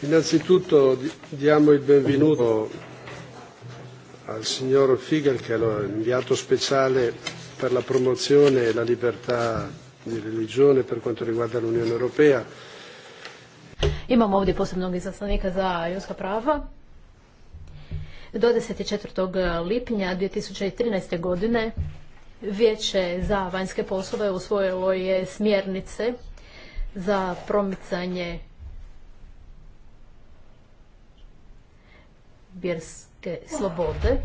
Innanzitutto diamo il benvenuto al signor Figel, che è l'inviato speciale per la promozione e la libertà di religione per quanto riguarda l'Unione Europea. Imamo ovdje posebnog izaslanika za ljudska prava. Do 14. lipnja 2013. godine Vijeće za vanjske poslove usvojilo je smjernice za promicanje vjerske slobode.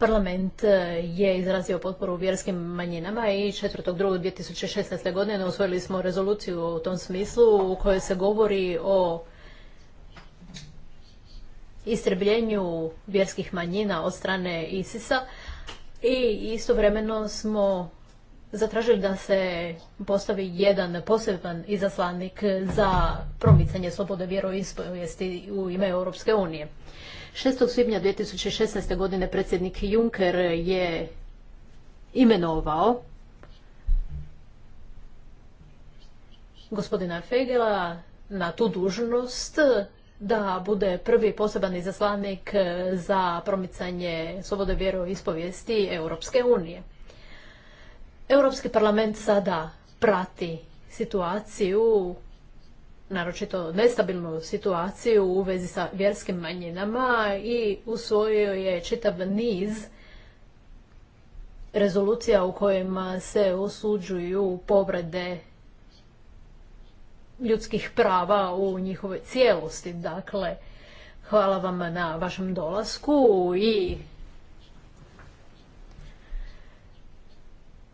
Parlament je izrazio potporu vjerskim manjinama i 4.2.2016. godine usvojili smo rezoluciju u tom smislu u kojoj se govori o istrebljenju vjerskih manjina od strane ISIS-a i istovremeno smo zatražili da se postavi jedan poseban izaslanik za promicanje slobode vjeroispovijesti u ime Europske unije. 6. svibnja 2016. godine predsjednik Juncker je imenovao gospodina Fegela na tu dužnost da bude prvi poseban izaslanik e, za promicanje slobode vjeroispovijesti Europske unije. Europski parlament sada prati situaciju, naročito nestabilnu situaciju u vezi sa vjerskim manjinama i usvojio je čitav niz rezolucija u kojima se osuđuju povrede ljudskih prava u njihovoj cijelosti. Dakle, hvala vam na vašem dolasku i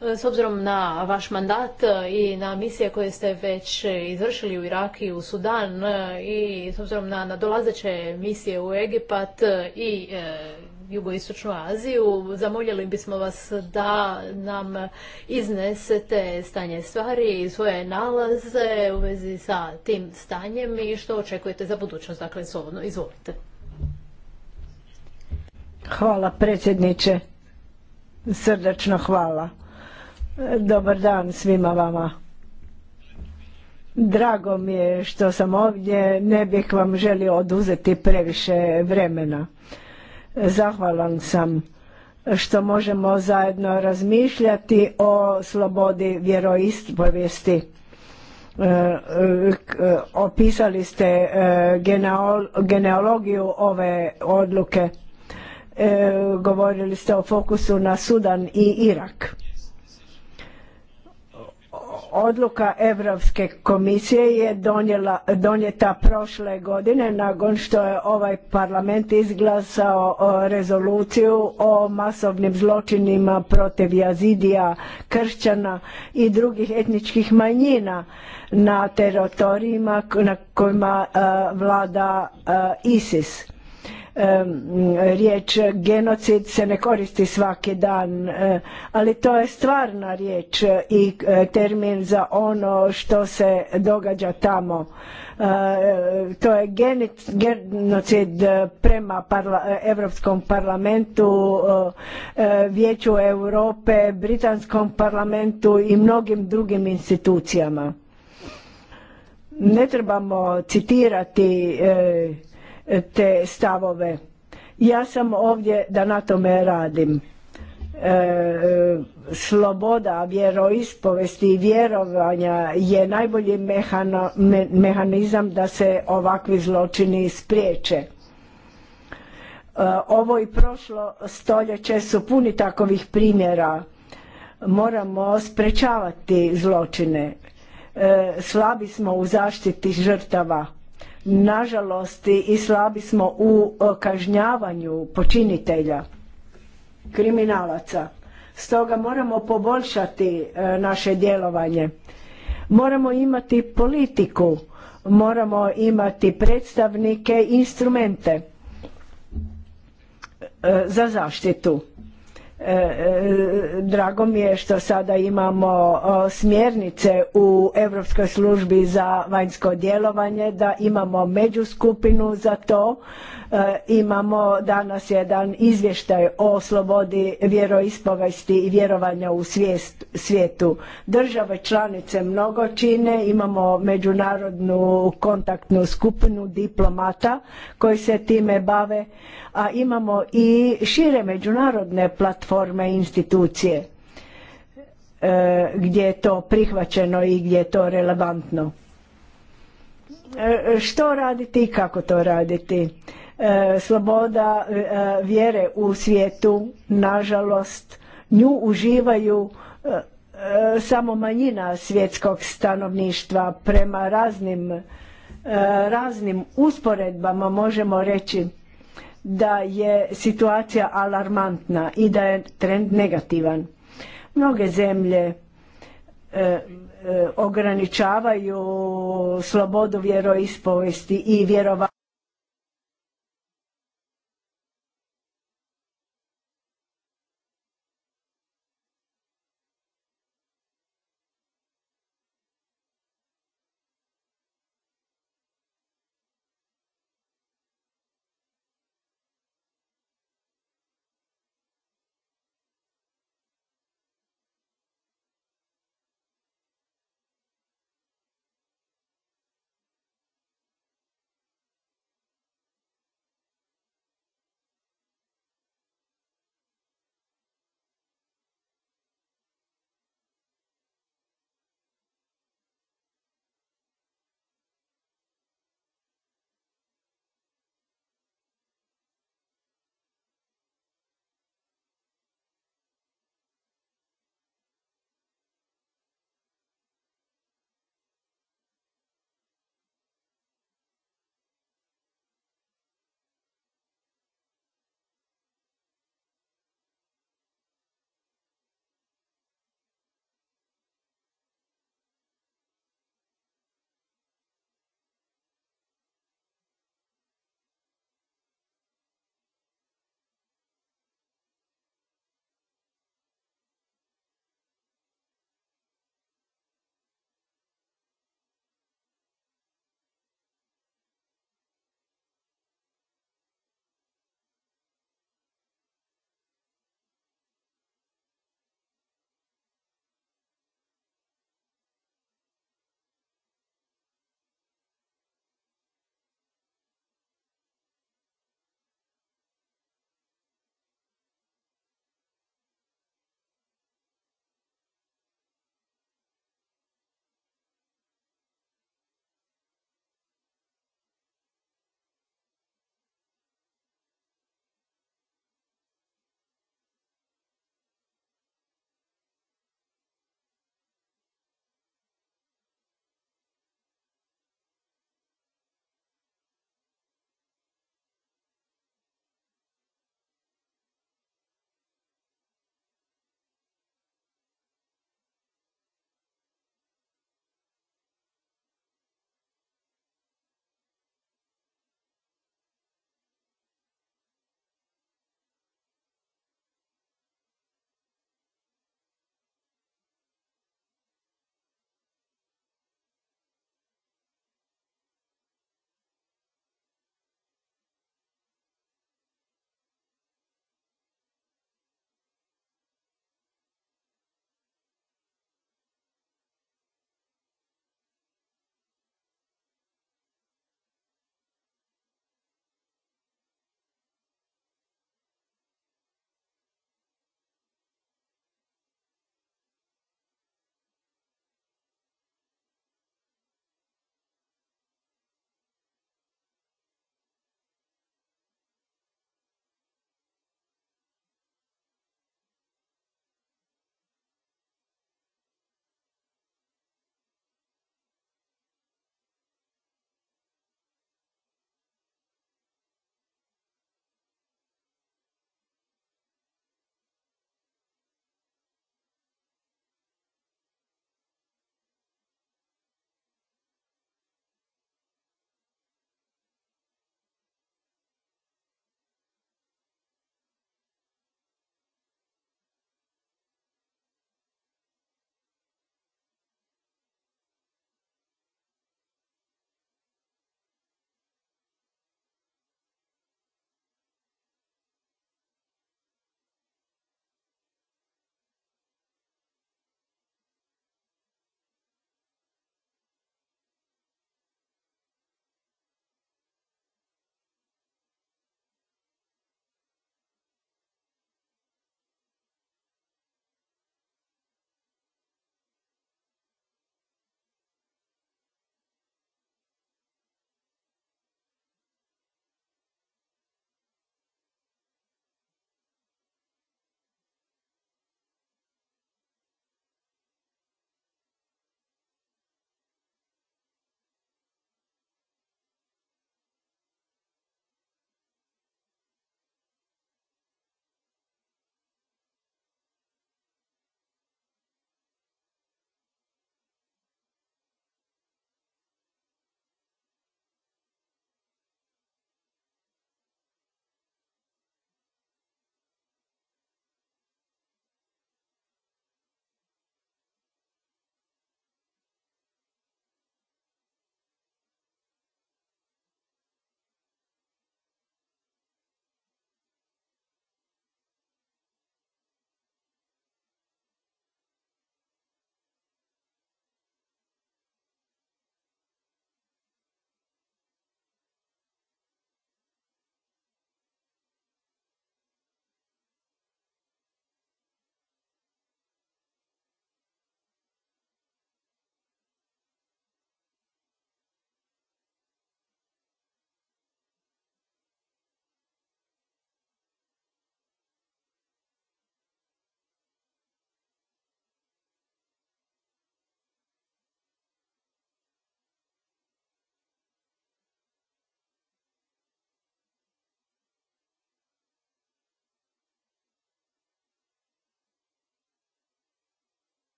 e, S obzirom na vaš mandat e, i na misije koje ste već izvršili u Iraki i u Sudan e, i s obzirom na nadolazeće misije u Egipat i jugoistočnu Aziju. Zamoljeli bismo vas da nam iznesete stanje stvari i svoje nalaze u vezi sa tim stanjem i što očekujete za budućnost. Dakle, slobodno izvolite. Hvala predsjedniče. Srdačno hvala. Dobar dan svima vama. Drago mi je što sam ovdje, ne bih vam želio oduzeti previše vremena. Zahvalan sam što možemo zajedno razmišljati o slobodi vjeroispovijesti. E, opisali ste e, genealogiju ove odluke. E, govorili ste o fokusu na Sudan i Irak Odluka Europske komisije je donijeta prošle godine nakon što je ovaj parlament izglasao rezoluciju o masovnim zločinima protiv jazidija, kršćana i drugih etničkih manjina na teritorijima na kojima vlada ISIS riječ genocid se ne koristi svaki dan, e, ali to je stvarna riječ i e, termin za ono što se događa tamo. E, to je genocid prema parla, Europskom parlamentu, Vijeću Europe, Britanskom parlamentu i mnogim drugim institucijama. Ne trebamo citirati te stavove. Ja sam ovdje da na tome radim. E, sloboda vjeroispovesti i vjerovanja je najbolji mehanizam da se ovakvi zločini spriječe. E, ovo i prošlo stoljeće su puni takovih primjera. Moramo sprečavati zločine. E, slabi smo u zaštiti žrtava nažalost i slabi smo u e, kažnjavanju počinitelja kriminalaca stoga moramo poboljšati e, naše djelovanje moramo imati politiku moramo imati predstavnike instrumente e, za zaštitu E, e, drago mi je što sada imamo smjernice u Europskoj službi za vanjsko djelovanje, da imamo međuskupinu za to E, imamo danas jedan izvještaj o slobodi vjeroispovesti i vjerovanja u svijetu. Države članice mnogo čine, imamo međunarodnu kontaktnu skupinu diplomata koji se time bave, a imamo i šire međunarodne platforme i institucije e, gdje je to prihvaćeno i gdje je to relevantno. E, što raditi i kako to raditi? E, sloboda e, e, vjere u svijetu, nažalost, nju uživaju samo manjina svjetskog stanovništva prema raznim, raznim usporedbama možemo reći da je situacija alarmantna i da je trend negativan. Mnoge zemlje ograničavaju slobodu vjeroispovesti i vjerovanja